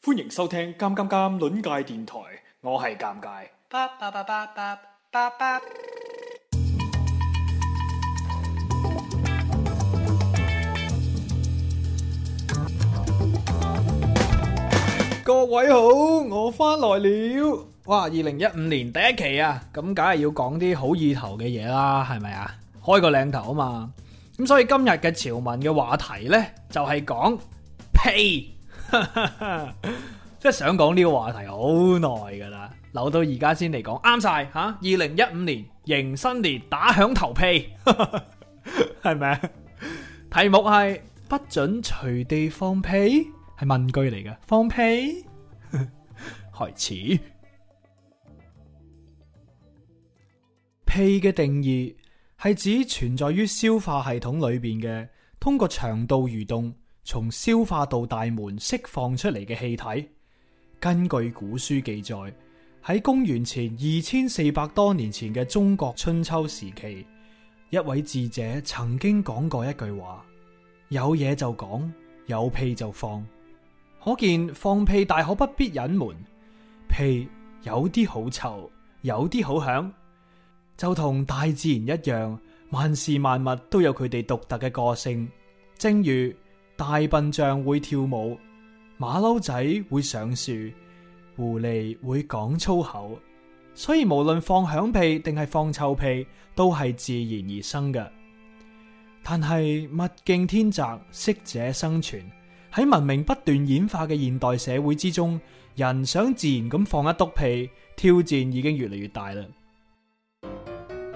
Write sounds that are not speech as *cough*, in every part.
歡迎收聽《啱啱啱》論界電台，我係尷尬。各位好，我返來了。哇！二零一五年第一期啊，咁梗係要講啲好意頭嘅嘢啦，係咪啊？開個靚頭啊嘛！咁所以今日嘅潮文嘅話題呢，就係講屁。即係 *laughs* 想講呢個話題扭到現在來好耐噶啦，留到而家先嚟講啱晒吓。二零一五年迎新年，打響頭屁，係咪 *laughs* 嗎？題目係不准隨地放屁，係問句嚟嘅。放屁 *laughs* 開始。屁嘅定義係指存在於消化系統裏邊嘅，通過腸道蠕動。從消化道大門釋放出嚟嘅氣體，根據古書記載，喺公元前二千四百多年前嘅中國春秋時期，一位智者曾經講過一句話：有嘢就講，有屁就放。可見放屁大可不必隱瞞。屁有啲好臭，有啲好響，就同大自然一樣，萬事萬物都有佢哋獨特嘅個性，正如，大笨象會跳舞，馬騮仔會上樹，狐狸會講粗口，所以無論放響屁定係放臭屁，都係自然而生嘅。但係物競天擇，適者生存。喺文明不斷演化嘅現代社會之中，人想自然咁放一督屁，挑戰已經越嚟越大啦。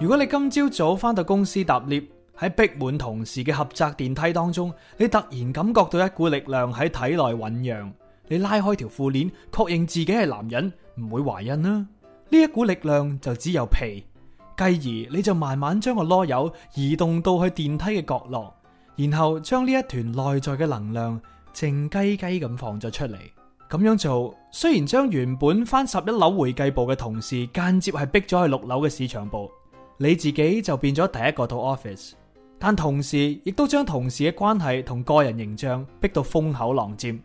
如果你今朝早翻到公司搭 l 喺逼滿同事嘅合窄電梯當中，你突然感覺到一股力量喺體內醞釀。你拉開條褲鏈，確認自己係男人，唔會懷孕啦。呢一股力量就只有皮，繼而你就慢慢將個囉柚移動到去電梯嘅角落，然後將呢一團內在嘅能量靜雞雞咁放咗出嚟。咁樣做雖然將原本翻十一樓會計部嘅同事間接係逼咗去六樓嘅市場部，你自己就變咗第一個套 office。但同時亦都將同事嘅關係同個人形象逼到風口浪尖。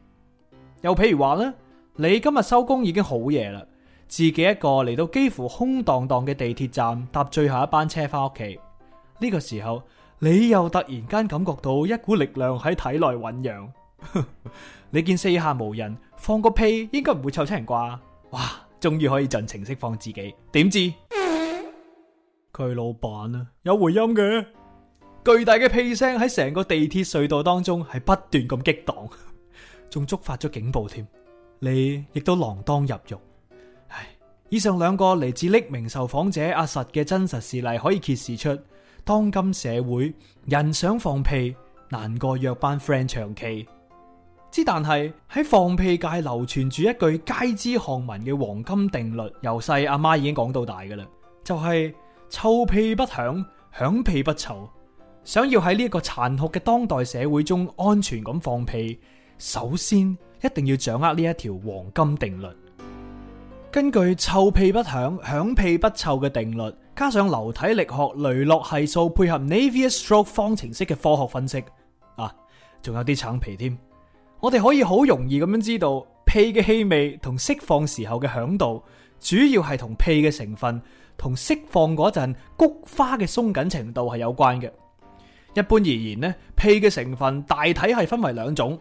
又譬如話咧，你今日收工已經好夜啦，自己一個嚟到幾乎空蕩蕩嘅地鐵站搭最後一班車翻屋企。呢個時候你又突然間感覺到一股力量喺體內醞釀。 *laughs* 你見四下無人，放個屁應該唔會臭親人啩？哇，終於可以盡情釋放自己。點知佢老闆呀，有回音嘅。巨大嘅屁聲喺成個地鐵隧道當中係不斷咁激盪，仲觸發咗警報添。你亦都鋃鐺入獄。唉，以上兩個嚟自匿名受訪者阿實嘅真實事例，可以揭示出當今社會人想放屁難過約班 friend 長期。之但係喺放屁界流傳住一句街知巷聞嘅黃金定律，由細阿媽已經講到大噶啦，就係、是、臭屁不響，響屁不臭。想要喺呢個殘酷嘅當代社會中安全咁放屁，首先一定要掌握呢一條黃金定律。根據臭屁不響，響屁不臭嘅定律，加上流體力學雷諾係數配合 Navier-Stokes 方程式嘅科學分析，啊，仲有啲橙皮添。我哋可以好容易咁樣知道屁嘅氣味同釋放時候嘅響度，主要係同屁嘅成分同釋放嗰陣菊花嘅鬆緊程度係有關嘅。一般而言咧，屁嘅成分大體係分為兩種，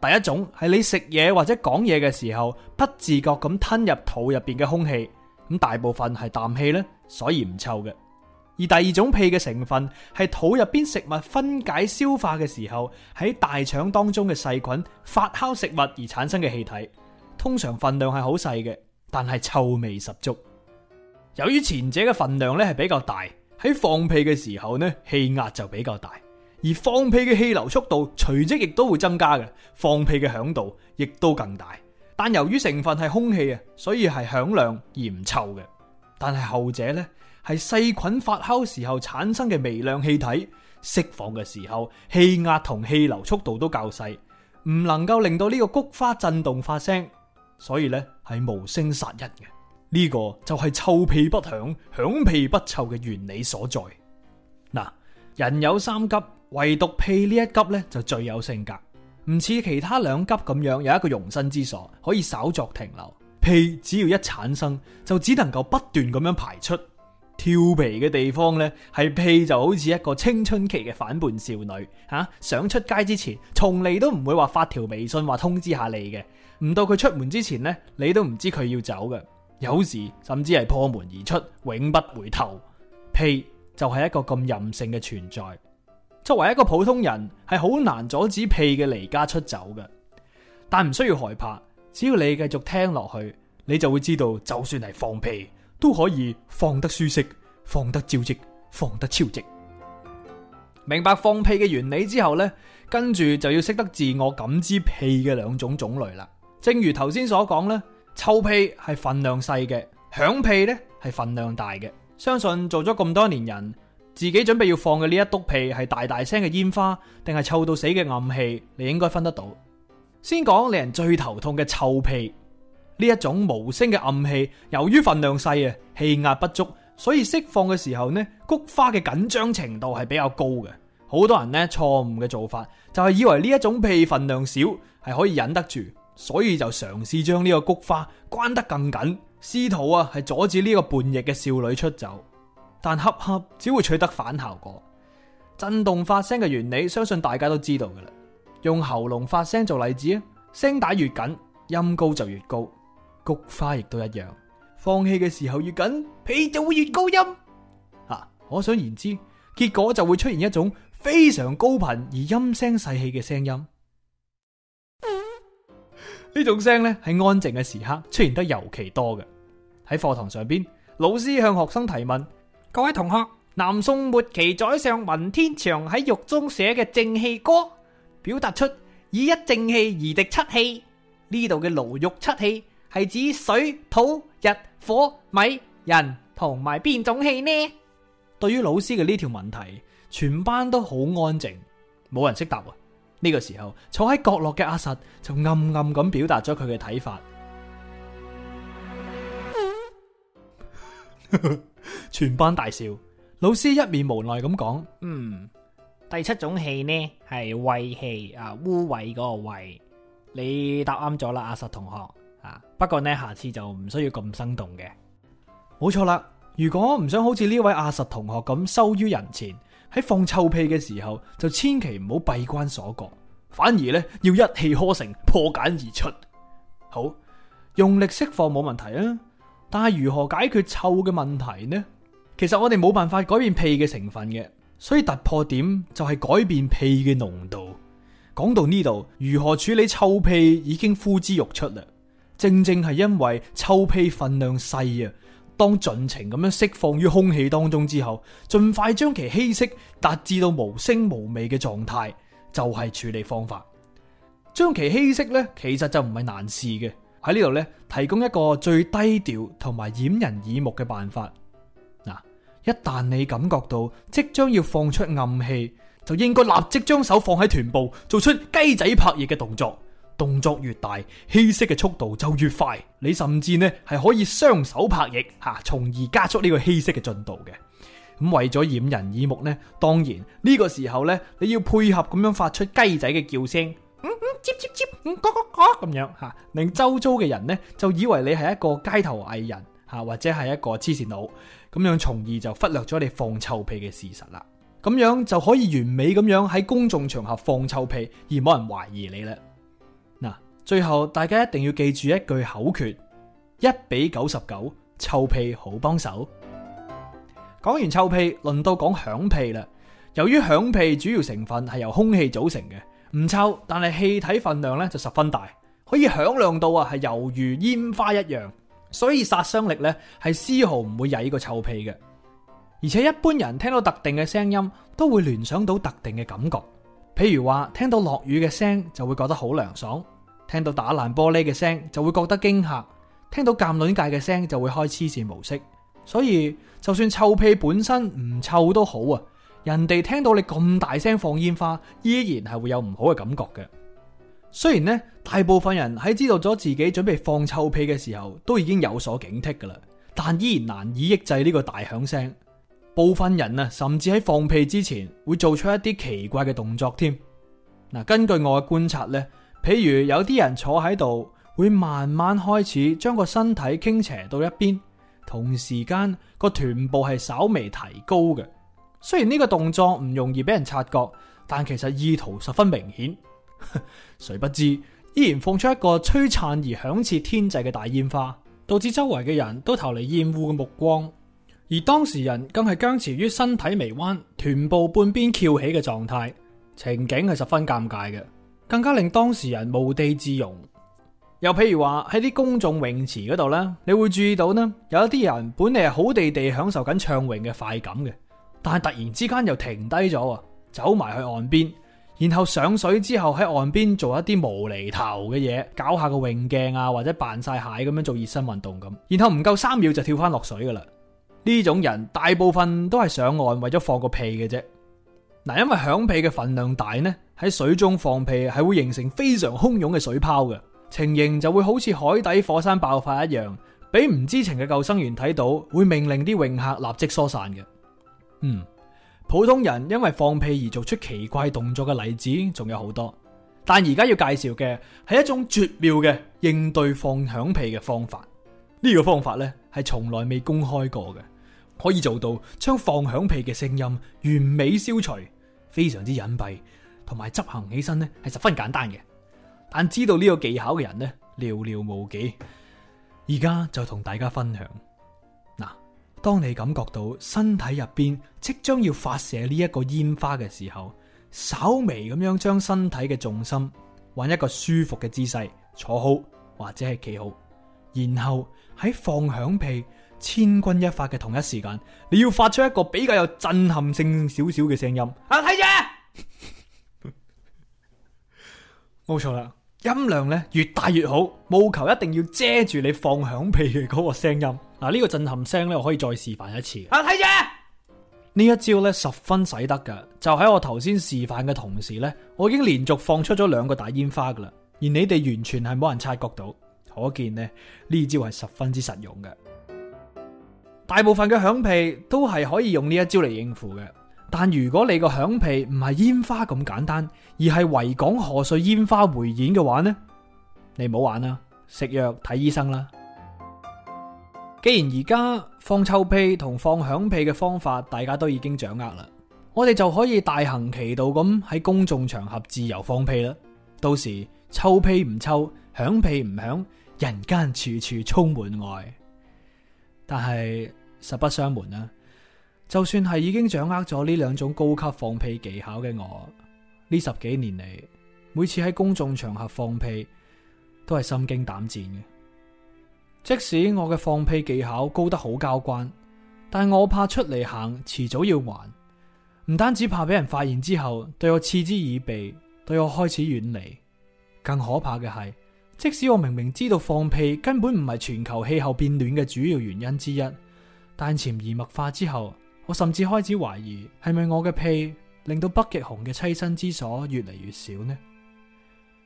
第一種係你食嘢或者講嘢嘅時候不自覺咁吞入肚入邊嘅空氣，咁大部分係氮氣咧，所以唔臭嘅；而第二種屁嘅成分係肚入邊食物分解消化嘅時候喺大腸當中嘅細菌發酵食物而產生嘅氣體，通常份量係好細嘅，但係臭味十足。由於前者嘅份量咧係比較大。喺放屁嘅時候呢，氣壓就比較大，而放屁嘅氣流速度隨即亦都會增加嘅，放屁嘅響度亦都更大。但由於成分係空氣啊，所以係響亮而唔臭嘅。但係後者呢，係細菌發酵時候產生嘅微量氣體釋放嘅時候，氣壓同氣流速度都較細，唔能夠令到呢個菊花震動發聲，所以呢係無聲殺人嘅。呢個就係臭屁不響，響屁不臭嘅原理所在。嗱，人有三急，唯獨屁呢一急咧就最有性格，唔似其他兩急咁樣有一個容身之所，可以稍作停留。屁只要一產生，就只能夠不斷咁樣排出。調皮嘅地方咧，係屁就好似一個青春期嘅反叛少女吓，想出街之前，從嚟都唔會話發條微信話通知下你嘅，唔到佢出門之前咧，你都唔知佢要走嘅。有時甚至係破門而出，永不回頭。屁就係一個咁任性嘅存在。作為一個普通人，係好難阻止屁嘅離家出走嘅。但唔需要害怕，只要你繼續聽落去，你就會知道，就算係放屁，都可以放得舒適、放得招積、放得超值。明白放屁嘅原理之後呢，跟住就要識得自我感知屁嘅兩種種類啦。正如頭先所講咧。臭屁係分量細嘅，響屁呢係分量大嘅。相信做咗咁多年人，自己準備要放嘅呢一督屁係大大聲嘅煙花，定係臭到死嘅暗器，你應該分得到。先講令人最頭痛嘅臭屁，呢一種無聲嘅暗器，由於分量細啊，氣壓不足，所以釋放嘅時候呢，菊花嘅緊張程度係比較高嘅。好多人呢錯誤嘅做法就係以為呢一種屁分量少係可以忍得住。所以就嘗試將呢個菊花關得更緊，試圖啊係阻止呢個叛逆嘅少女出走，但恰恰只會取得反效果。震動發聲嘅原理相信大家都知道㗎喇，用喉嚨發聲做例子啊，聲帶越緊，音高就越高，菊花亦都一樣。放棄嘅時候越緊，屁就會越高音。吓、啊，可想而知，結果就會出現一種非常高頻而陰聲細氣嘅聲音。呢種聲咧，喺安靜嘅時刻出現得尤其多嘅。喺課堂上邊，老師向學生提問：各位同學，南宋末期宰相文天祥喺獄中寫嘅《正氣歌》，表達出以一正氣而敵七氣，呢度嘅牢獄七氣係指水、土、日、火、米、人同埋邊種氣呢？對於老師嘅呢條問題，全班都好安靜，冇人識答。呢個時候坐喺角落嘅阿實就暗暗咁表達咗佢嘅睇法， *laughs* 全班大笑，老師一面無奈咁講：嗯，第七種氣呢係胃氣啊，污穢個胃，你答啱咗啦，阿實同學啊，不過呢，下次就唔需要咁生動嘅。冇錯啦，如果唔想好似呢位阿實同學咁羞於人前。喺放臭屁嘅時候，就千祈唔好閉關鎖國，反而咧要一氣呵成破繭而出。好，用力釋放冇問題啊，但係如何解決臭嘅問題呢？其實我哋冇辦法改變屁嘅成分嘅，所以突破點就係改變屁嘅濃度。講到呢度，如何處理臭屁已經呼之欲出啦。正正係因為臭屁份量細啊。當盡情咁樣釋放於空氣當中之後，盡快將其稀釋，達至到無聲無味嘅狀態，就係、是、處理方法。將其稀釋咧，其實就唔係難事嘅。喺呢度咧，提供一個最低調同埋掩人耳目嘅辦法。嗱，一旦你感覺到即將要放出暗氣，就應該立即將手放喺臀部，做出雞仔拍翼嘅動作。動作越大，稀釋嘅速度就越快。你甚至呢係可以雙手拍翼嚇，從而加速呢個稀釋嘅進度嘅。咁為咗掩人耳目呢，當然呢個時候呢，你要配合咁樣發出雞仔嘅叫聲，嗯嗯，尖尖尖，嗯嗰嗰嗰咁樣嚇，令周遭嘅人呢，就以為你係一個街頭藝人嚇，或者係一個黐線佬咁樣，從而就忽略咗你放臭屁嘅事實啦。咁樣就可以完美咁樣喺公眾場合放臭屁，而冇人懷疑你啦。最後大家一定要記住一句口訣：一比九十九，臭屁好幫手。講完臭屁，輪到講響屁啦。由於響屁主要成分係由空氣組成嘅，唔臭，但係氣體分量咧就十分大，可以響亮到啊係猶如煙花一樣，所以殺傷力咧係絲毫唔會曳過臭屁嘅。而且一般人聽到特定嘅聲音，都會聯想到特定嘅感覺，譬如話聽到落雨嘅聲，就會覺得好涼爽。聽到打爛玻璃嘅聲就會覺得驚嚇，聽到夾卵戒嘅聲就會開黐線模式。所以就算臭屁本身唔臭都好啊，人哋聽到你咁大聲放煙花，依然係會有唔好嘅感覺嘅。雖然呢，大部分人喺知道咗自己準備放臭屁嘅時候，都已經有所警惕㗎喇，但依然難以抑制呢個大響聲。部分人啊，甚至喺放屁之前會做出一啲奇怪嘅動作添。嗱，根據我嘅觀察呢。譬如有啲人坐喺度，會慢慢開始將個身體傾斜到一邊，同時間個臀部係稍微提高嘅。雖然呢個動作唔容易俾人察覺，但其實意圖十分明顯。誰 *laughs* 不知，依然放出一個璀璨而響徹天際嘅大煙花，導致周圍嘅人都投嚟厭惡嘅目光。而當時人更係僵持於身體微彎、臀部半邊翹起嘅狀態，情景係十分尷尬嘅。更加令當事人無地自容。又譬如話喺啲公眾泳池嗰度呢，你會注意到呢，有一啲人本嚟，係好地地享受緊暢泳嘅快感嘅，但係突然之間又停低咗走埋去岸邊，然後上水之後喺岸邊做一啲無厘頭嘅嘢，搞下個泳鏡啊，或者扮晒蟹咁樣做熱身運動咁，然後唔夠三秒就跳翻落水噶啦。呢種人大部分都係上岸為咗放個屁嘅啫。嗱，因為響屁嘅份量大呢。喺水中放屁係會形成非常洶湧嘅水泡嘅情形，就會好似海底火山爆發一樣。俾唔知情嘅救生員睇到，會命令啲泳客立即疏散嘅。嗯，普通人因為放屁而做出奇怪的動作嘅例子仲有好多，但而家要介紹嘅係一種絕妙嘅應對放響屁嘅方法。呢個方法咧係從來未公開過嘅，可以做到將放響屁嘅聲音完美消除，非常之隱蔽，同埋執行起身咧係十分簡單嘅，但知道呢個技巧嘅人呢寥寥無幾。而家就同大家分享嗱，當你感覺到身體入邊即將要發射呢一個煙花嘅時候，稍微咁樣將身體嘅重心，揾一個舒服嘅姿勢坐好或者係企好，然後喺放響屁千鈞一髮嘅同一時間，你要發出一個比較有震撼性少少嘅聲音啊！睇住。冇錯啦，音量咧越大越好，務求一定要遮住你放響屁嗰個聲音。嗱，呢個震撼聲咧，我可以再示範一次。阿睇住，呢一招咧十分使得噶，就喺我頭先示範嘅同時咧，我已經連續放出咗兩個大煙花噶啦，而你哋完全係冇人察覺到，可見呢，呢招係十分之實用嘅。大部分嘅響屁都係可以用呢一招嚟應付嘅。但如果你個響屁唔係煙花咁簡單，而係維港賀歲煙花匯演嘅話呢？你唔好玩啦，食藥睇醫生啦。既然而家放臭屁同放響屁嘅方法大家都已經掌握啦，我哋就可以大行其道咁喺公眾場合自由放屁啦。到時臭屁唔臭，響屁唔響，人間處處充滿愛。但係實不相瞞啦、啊。就算係已經掌握咗呢兩種高級放屁技巧嘅我，呢十幾年嚟，每次喺公眾場合放屁，都係心驚膽戰嘅。即使我嘅放屁技巧高得好交關，但我怕出嚟行，遲早要還。唔單止怕俾人發現之後對我嗤之以鼻，對我開始遠離，更可怕嘅係，即使我明明知道放屁根本唔係全球氣候變暖嘅主要原因之一，但潛移默化之後。我甚至開始懷疑，係咪我嘅屁令到北極熊嘅棲身之所越嚟越少呢？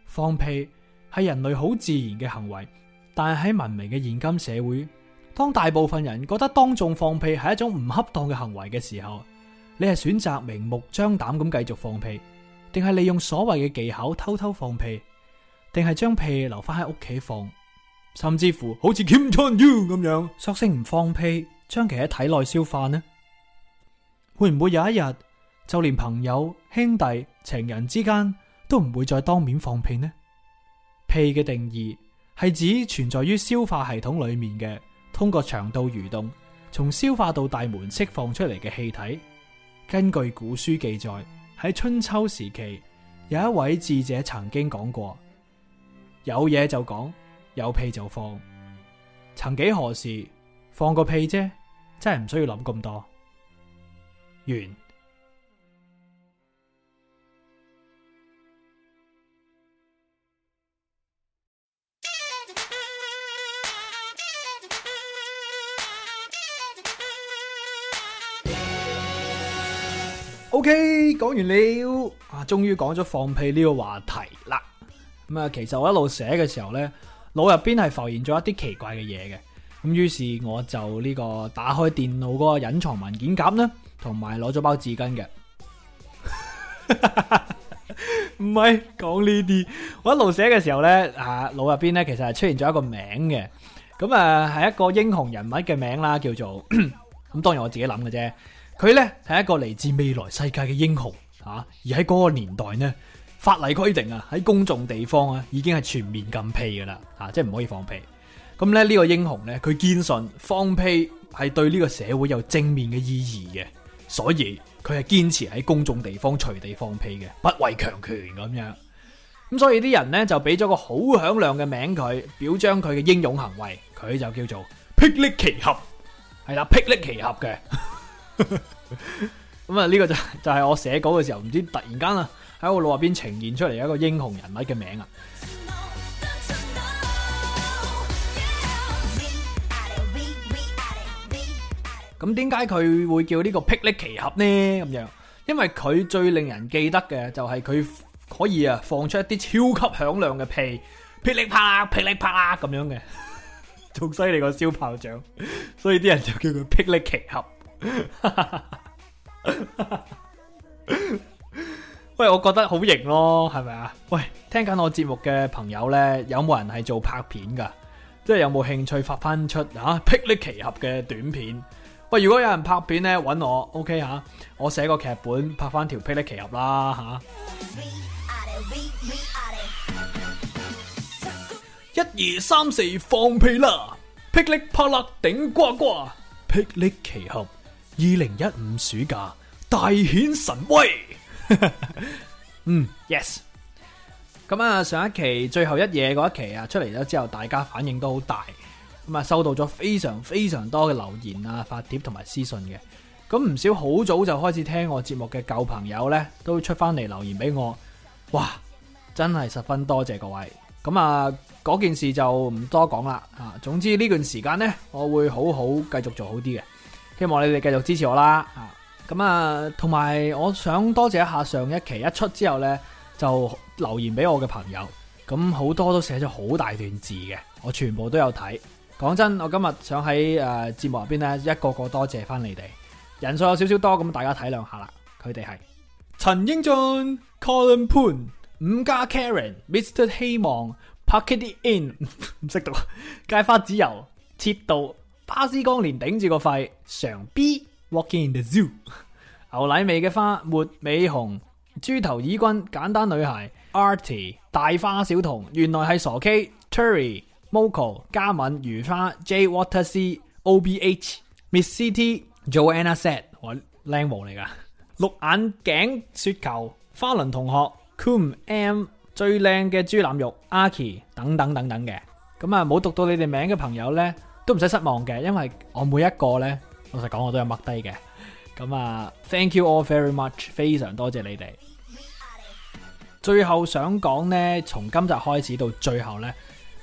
放屁係人類好自然嘅行為，但係喺文明嘅現今社會，當大部分人覺得當眾放屁係一種唔恰當嘅行為嘅時候，你係選擇明目張膽咁繼續放屁，定係利用所謂嘅技巧偷偷放屁，定係將屁留翻喺屋企放，甚至乎好似 Kim Jong Un 咁樣索性唔放屁，將其喺體內消化呢？會唔會有一日就連朋友、兄弟、情人之間都唔會再當面放屁呢？屁嘅定義係指存在於消化系統裏面嘅，通過腸道蠕動從消化道大門釋放出嚟嘅氣體。根據古書記載，喺春秋時期有一位智者曾經講過：有嘢就講，有屁就放。曾幾何時，放個屁啫，真係唔需要諗咁多。完。OK，講完了啊，終於講咗放屁呢個話題啦。咁啊，其實我一路寫嘅時候咧，腦入邊係浮現咗一啲奇怪嘅嘢嘅。咁於是我就呢個打開電腦嗰個隱藏文件夾同埋攞咗包紙巾嘅， *laughs* 唔係講呢啲。我一路寫嘅時候呢，啊腦入邊呢其實係出現咗一個名嘅，咁啊係一個英雄人物嘅名啦，叫做，咁當然我自己諗嘅啫。佢呢係一個嚟自未來世界嘅英雄啊，而喺嗰個年代呢，法例規定啊喺公眾地方啊已經係全面禁屁噶啦，啊即係唔可以放屁。咁咧呢個英雄呢，佢堅信放屁係對呢個社會有正面嘅意義嘅。所以佢係堅持喺公眾地方隨地放屁嘅，不畏強權咁樣。咁所以啲人呢，就俾咗個好響亮嘅名佢，表彰佢嘅英勇行為，佢就叫做霹靂奇俠，係啦，霹靂奇俠嘅。咁啊，呢個就就係我寫稿嘅時候，唔知突然間啊喺我腦入邊呈現出嚟一個英雄人物嘅名啊。咁點解佢會叫呢個霹靂奇俠呢？咁樣，因為佢最令人記得嘅就係佢可以啊放出一啲超級響亮嘅屁，噼里啪啦噼里啪啦咁樣嘅，仲犀利過燒炮仗， *laughs* 所以啲人就叫佢霹靂奇俠。 *laughs* *laughs* 喂，我覺得好型咯，係咪啊？喂，聽緊我節目嘅朋友呢，有冇人係做拍片噶？即係有冇興趣發翻出啊霹靂奇俠嘅短片？喂，如果有人拍片咧，搵我，OK 吓，我寫個劇本，拍翻條霹靂奇俠啦吓。一二三四，放屁啦！霹靂啪啦，頂呱呱！霹靂奇俠，二零一五暑假大顯神威。 *laughs* 嗯，yes。咁啊，上一期最後一夜嗰一期啊，出嚟咗之後，大家反應都好大。咁啊，收到咗非常非常多嘅留言啊、發帖同埋私信嘅。咁唔少好早就開始聽我節目嘅舊朋友呢，都出翻嚟留言俾我。哇，真係十分多謝各位。咁啊，嗰件事就唔多講啦。啊，總之呢段時間呢，我會好好繼續做好啲嘅，希望你哋繼續支持我啦。啊，咁啊，同埋我想多謝一下上一期一出之後呢，就留言俾我嘅朋友。咁好多都寫咗好大段字嘅，我全部都有睇。講真，我今日想喺誒節目入邊咧，一個個多謝翻你哋，人數有少少多，咁大家體諒下啦。佢哋係陳英俊、Colin Poon、 *laughs* 伍家 Karen、Mr 希望、p a c k e t t y In 唔識讀，芥花籽油切到、巴斯光年頂住個肺，常 B Walking in the Zoo， *laughs* 牛奶味嘅花，抹美紅，豬頭耳君，簡單女孩，Artie 大花小童，原來係傻 K，Terry。Moco、嘉敏、如花、J Water、Water、C、O、B、H、Miss、C、T、Joanna、Set，我靚模嚟噶，綠眼鏡、雪球、花輪同學、Coom M、最靚嘅豬腩肉、阿 Key 等等等等嘅，咁啊冇讀到你哋名嘅朋友咧，都唔使失望嘅，因為我每一個咧老實講我都有 mark 低嘅，咁啊 thank you all very much，非常多謝你哋。最後想講呢，從今集開始到最後咧。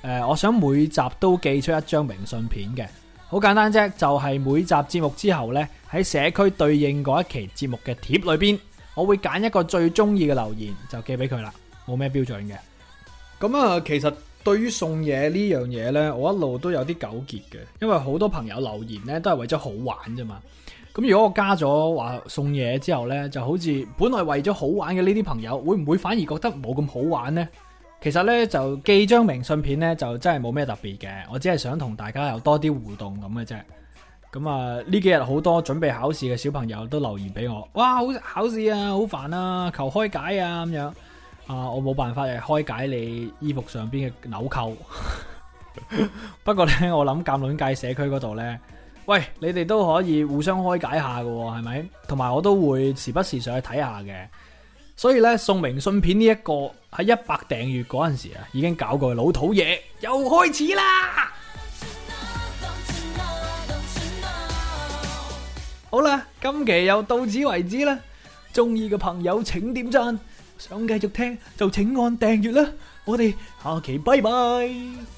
誒、呃，我想每集都寄出一張明信片嘅，好簡單啫，就係、是、每集節目之後呢，喺社區對應嗰一期節目嘅貼裏邊，我會揀一個最中意嘅留言就寄俾佢啦，冇咩標準嘅。咁啊，其實對於送嘢呢樣嘢呢，我一路都有啲糾結嘅，因為好多朋友留言呢，都係為咗好玩啫嘛。咁如果我加咗話送嘢之後呢，就好似本來為咗好玩嘅呢啲朋友，會唔會反而覺得冇咁好玩呢？其實咧，就寄張明信片咧，就真係冇咩特別嘅，我只係想同大家有多啲互動咁嘅啫。咁啊，呢幾日好多準備考試嘅小朋友都留言俾我，哇，好考試啊，好煩啊，求開解啊，咁樣啊，我冇辦法嚟開解你衣服上邊嘅紐扣。 *laughs* *laughs* *laughs* 不過咧，我諗夾卵界社區嗰度咧，喂，你哋都可以互相開解下噶喎係咪？同埋我都會時不時上去睇下嘅。所以咧，送明信片呢，這、一個喺一百訂閱嗰陣時啊，已經搞過嘅老土嘢又開始啦！好啦，今期又到此為止啦，鍾意嘅朋友請點讚，想繼續聽就請按訂閱啦，我哋下期拜拜。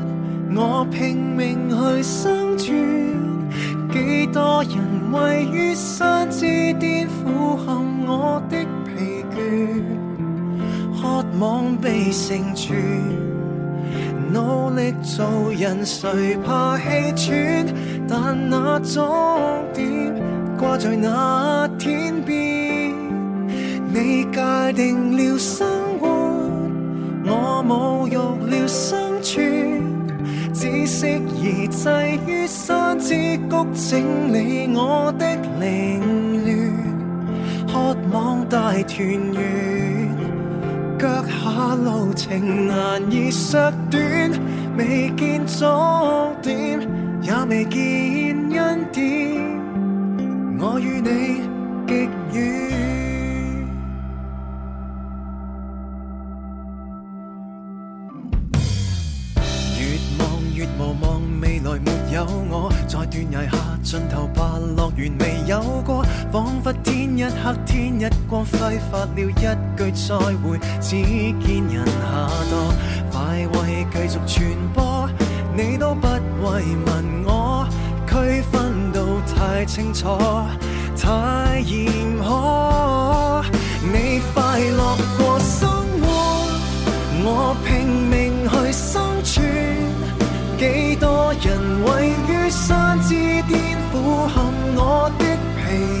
我拼命去生存，幾多人位於山之巔，俯瞰我的疲倦，渴望被成全，努力做人誰怕氣喘？但那終點掛在那天邊，你界定了生活，我侮辱了生存。只適宜滯於山之谷，整理我的凌亂，渴望大團圓。腳下路程難以削短，未見終點，也未見恩典。我與你極遠。仿佛天一黑，天一光飛，揮發了一句再會，只見人下墮。快慰繼續傳播，你都不為問我，區分到太清楚，太嚴苛。 *music* 你快樂過生活，我拼命去生存，幾多人位於山之巔，俯瞰我的疲。